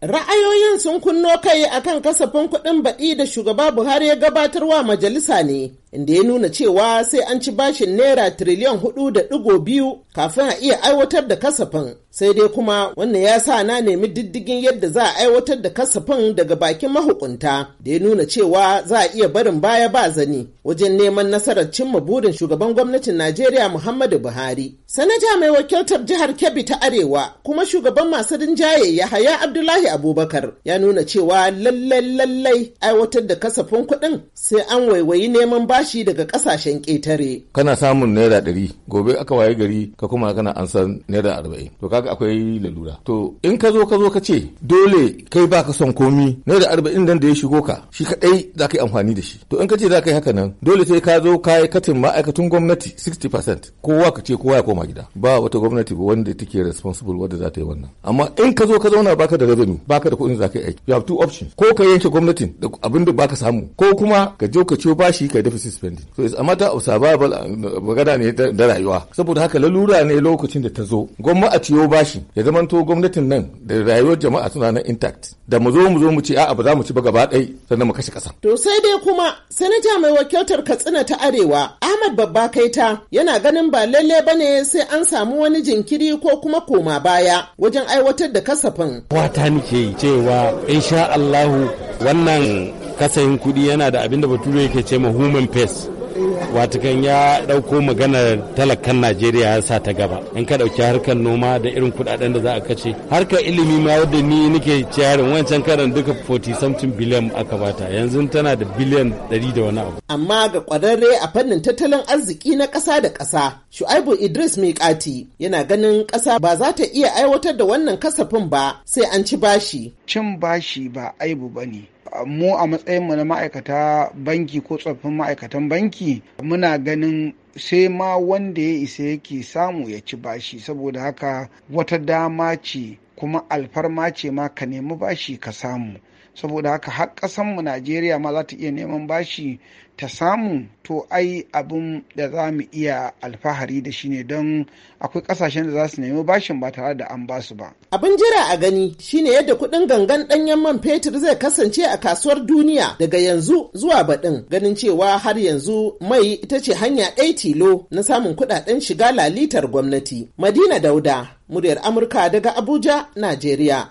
Ra'ayoyin sun kunno kai a kan kasafin kuɗin baɗi da shugaba Buhari ya gabatar wa majalisa ne, inda ya nuna cewa sai an ci bashin naira tiriliyan hudu da ɗigo biyu kafin a iya aiwatar da kasafin. sai dai kuma wannan ya sa na nemi diddigin yadda za a aiwatar da kasafin daga bakin mahukunta da ya nuna cewa za a iya barin baya ba zani wajen neman nasarar cimma burin shugaban gwamnatin najeriya muhammadu buhari sanata mai wakiltar jihar kebbi ta arewa kuma shugaban masu rinjaye yahaya abdullahi abubakar ya nuna cewa lallai lallai aiwatar da kasafin kuɗin sai an waiwayi neman bashi daga ƙasashen ƙetare kana samun naira ɗari gobe aka waye gari ka kuma kana an san naira arba'in to kaga haka akwai lalura to in ka zo ka zo ka ce dole kai ba ka son komi na da arba'in nan da ya shigo ka shi kaɗai za ka yi amfani da shi to in ka ce za ka yi haka nan dole sai ka zo ka yi katin ma'aikatan gwamnati 60% kowa ka ce kowa ya koma gida ba wata gwamnati ba wanda take responsible wadda za ta yi wannan amma in ka zo ka zauna baka da revenue baka da kuɗin za ka yi aiki you have two options ko ka yanke gwamnatin da abin da baka samu ko kuma ka je ka ciyo bashi ka deficit spending so it's a matter of survival magana ne da rayuwa saboda haka lalura ne lokacin da ta zo gwamnati a ciyo bashi ya zamanto gwamnatin nan da rayuwar jama'a suna nan intact da mu zo mu zo mu ce a'a ba za mu ci ba gaba ɗai sannan mu kashe ƙasa. To sai dai kuma sanata mai wakiltar Katsina ta Arewa Ahmad Babba Kaita yana ganin ba lalle ba ne sai an samu wani jinkiri ko kuma koma baya wajen aiwatar da kasafin. Wata nake cewa insha Allahu wannan kasayin kuɗi yana da abin da bature yake ce ma human face watakan ya dauko maganar talakan najeriya ya sa ta gaba in ka dauki harkar noma da irin kudaden da za a kace harkar ilimi ma wadda ni nake ciyarin wancan karan duka 40 something billion aka bata yanzu tana da billion 100 da wani abu amma ga kwararre a fannin tattalin arziki na kasa da kasa shu'aibu idris miƙati yana ganin kasa ba za ta iya aiwatar da wannan kasafin ba sai an ci bashi cin bashi ba aibu ba mu a matsayinmu na ma'aikata banki ko tsoffin ma'aikatan banki muna ganin sai ma wanda ya isa yake samu ya ci bashi saboda haka wata dama ce kuma alfarma ce ma ka nemi bashi ka samu saboda haka har ƙasanmu najeriya ma za ta iya neman bashi ta samu to ai abin da za mu iya alfahari da shi ne don akwai ƙasashen da za su nemi bashin ba tare da an basu ba abin jira a gani shine yadda kuɗin gangan ɗanyen man fetur zai kasance a kasuwar duniya daga yanzu zuwa baɗin ganin cewa har yanzu mai ita ce hanya ɗaya tilo na samun kuɗaɗen shiga lalitar gwamnati madina dauda muryar amurka daga abuja najeriya